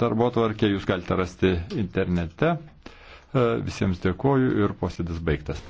darbo tvarkę jūs galite rasti internete. Visiems dėkoju ir posėdis baigtas.